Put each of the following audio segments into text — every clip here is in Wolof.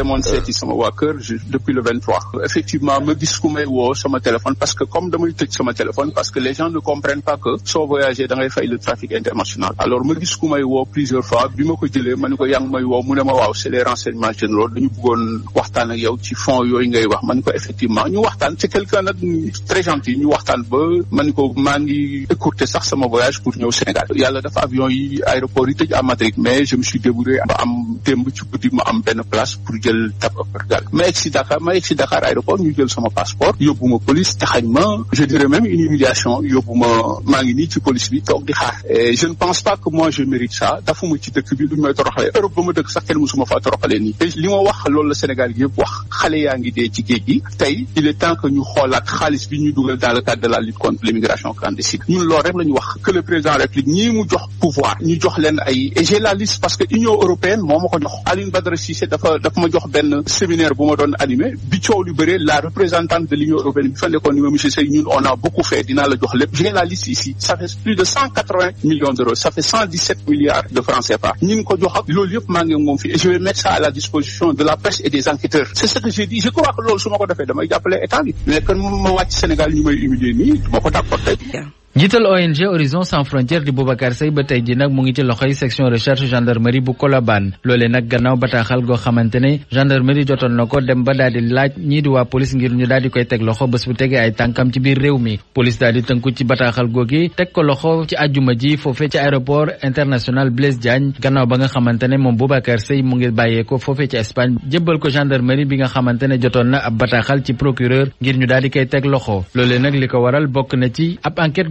demoon euh. depuis le 23. effectivement ma gis may woo sama téléphone parce que comme damay tëj sama téléphone parce que les gens ne comprennent pas que soo voyagé da fay le trafic international. ma gis may woo plusieurs fois bi ma ko jëlee ma ko yaa may woo mu ne ma waaw c'est les renseignements dañu bëggoon waxtaan ak yow ci fonds yooyu ngay wax ma ko effectivement ñu waxtaan c'est quelqu'un nag très gentil ñu waxtaan ba ma ko maa ngi écourté jël Cap Vert ma egg si Dakar ma egg si Dakar aéroport ñu jël sama passeport yóbbu ma police taxañ ma je dirais même une humiliation yóbbu ma maa ngi nii ci police bi toog di xaar et je ne pense pas que moi je mérite ça dafa ma ci dëkk bi lu ñu may Europe ba ma dëkk sax kenn musuma faa toroxalee nii te li ma wax loolu la Sénégal gi wax xale yaa ngi dee ci géej gi tey il est temps que ñu xoolaat xaalis bi ñuy dugal dans le cadre benn séminaire bu ma doon animé bi coow lu la représentante de l'Union européenne bi fa nekkoon ni ma monsieur Sey ñun on a beaucoup fait dinaa la jox lépp j'ai la liste ici ça fait plus de cent quatre-vingts millions d'euros cent dix-sept milliards de francs CFA ñi ko jox ak loolu maa ngi moom fi et je mettre ça à la disposition de la presse et des enquêteurs c'est ce que j'ai dit je crois que loolu su ma ko defee damay jàppale état bi mais kan njiital ONG Horizon Sans Frontières di Boubacar Seye ba tey ji nag mu ngi ci loxoy section recherche gendarmerie bu Colobane loolee nag gannaaw bataaxal goo xamante gendarmerie jotoon na ko dem ba daal di laaj ñii di waa police ngir ñu daal di koy teg loxo bés bu tegee ay tànkam ci biir réew mi police daal di tënku ci bataaxal googi teg ko loxo ci àjjuma ji foofe ci aéroport international Blaise Diagne gannaaw ba nga xamante ne moom Boubacar Seye mu ngi bàyyee ko foofe ci Espagne jébbal ko gendarmerie bi nga xamante ne jotoon na ab bataaxal ci procureur ngir ñu daal di koy teg loxo loolee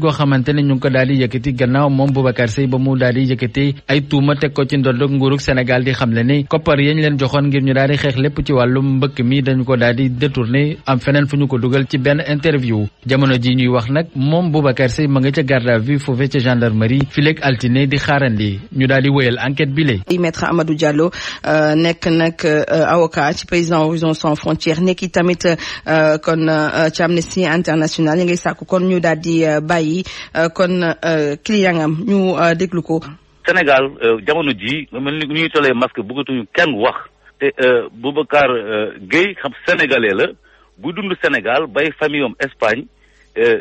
goo xamante ne ñu ngi ko daal di yëkkati gannaaw moom Boubacar Seye ba mu daal di yëkkati ay tuuma teg ko ci ndoddog nguurug Sénégal di xam le ni koppar yañ leen joxoon ngir ñu daal di xeex lépp ci wàllum mbëkk mi dañu ko daal détourné am feneen fu ñu ko dugal ci benn interview jamono ji ñuy wax nag moom Boubacar Seye ma ca garde à vue foofe ca gendarmerie fileeg altine di xaarandi ñu daal di enquête bi lé maître Amadou Diallo euh, nekk euh, nekk tamit euh, ci Amnesty yi euh, kon euh, client am ñu euh, déglu ko. Sénégal jamono ji mel ni ñuy solee masque bëggatuñu kenn wax te Boubacar Gueye xam sénégalais la bu dund Sénégal bay famille am Espagne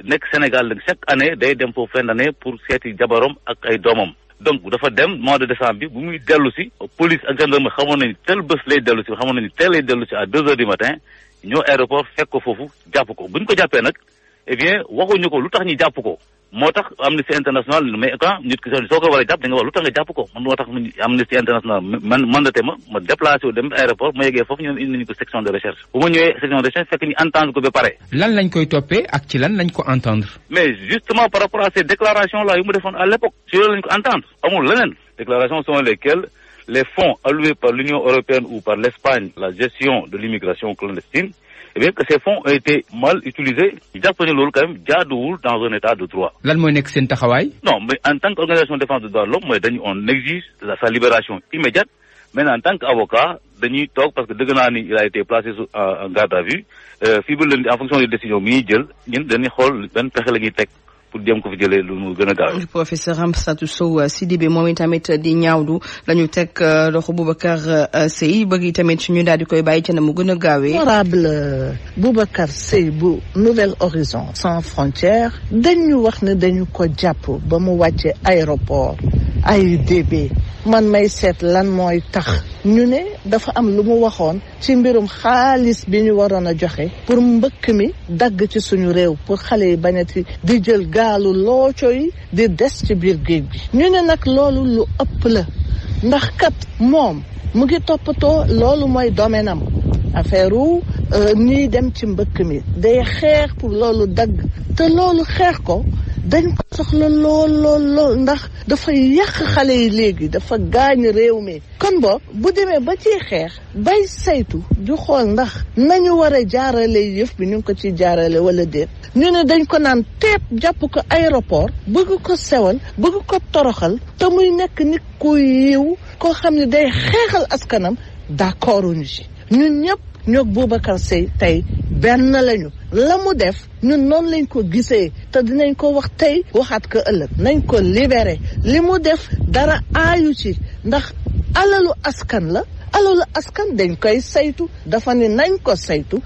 nekk Sénégal nag chaque année day dem foofu fin pour seeti jabaram ak ay doomam donc dafa dem mois de décembre bi bu muy dellu si police ak gendarme xamoon nañu tel bés lay dellu xamoon nañu tel lay dellu si à deux heures du matin ñëw aéroport fekk ko foofu jàpp ko bu ñu ko jàppee eh bien ko lu tax ñu jàpp ko moo tax Amnesty International mais quand nit ki soo ko war a jàpp da nga wax lu tax nga jàpp ko man moo tax Amnesty International man mandaté ma ma déplacé dem aéroport ma yeggee foofu ñoom indi nañu ko section de recherche bu ma section de recherche fekk ñu entendre ko ba pare. lan lañ koy toppee ak ci lan lañ ko entendre. mais justement par rapport à ces déclarations là yu mu defoon à l'époque si loolu ko entendre amul eh bien que ces fonds ont été mal utilisés jàpp ne loolu quand même jaaduwul dans un état de droit. lan mooy nekk seen taxawaay. non mais en tant qu'organisation de défense des droits de l'homme mooy dañu on exige sa libération immédiate maintenant en tant qu'avocat dañuy toog parce que dëgg naa ni il a été placé sous en garde à vue euh, fii ba léegi en fonction des décisions bi jël ñun dañuy xool benn pexe la teg. pour dem ko fi jëlee lu mu gën a gaaw professeur Amsatou Sow euh, Sidibé moom itamit euh, di ñaawlu la ñu teg euh, loxo Boubacar Sèye bëgg itamit ñu daal di koy bàyyi ci na mu gën a gaawee. honorable Boubacar Sèye bu Nouvel Horizon sans frontières dañu wax ne dañu ko jàpp ba mu wàccee aéroport ay AIBD man may seet lan mooy tax ñu ne dafa am lu mu waxoon ci mbirum xaalis bi ñu waroon a joxe pour mbëkk mi dagg ci suñu réew pour xale yi bañati di jël gaalu looco yi di des ci biir géej gi ñu ne nag loolu lu ëpp la ndax kat moom mu ngi toppatoo loolu mooy domaine am affaire wu euh, ñuy dem ci mbëkk mi day xeex pour loolu dagg te loolu xeex ko dañ ko soxla lool lool ndax dafa yàq xale yi léegi dafa gaañ réew mi kon bo bu demee ba ci xeex bay saytu di xool ndax nañu war a jaarale yëf bi ñu ngi ko ci jaarale wala déet ñu ne dañ ko naan teep jàpp ko aéroport bëgg ko sewal bëgg ko toroxal te muy nekk nit ku yiw koo xam ne day xeexal askanam d'accord uñu ci ñu ñëpp ñoog Boubacar Seye tey benn lañu la mu def ñun noonu lañ ko gisee te dinañ ko wax tey waxaat ko ëllëg nañ ko libéré li mu def dara aayu ci ndax alalu askan la alalu askan dañ koy saytu dafa ne nañ ko saytu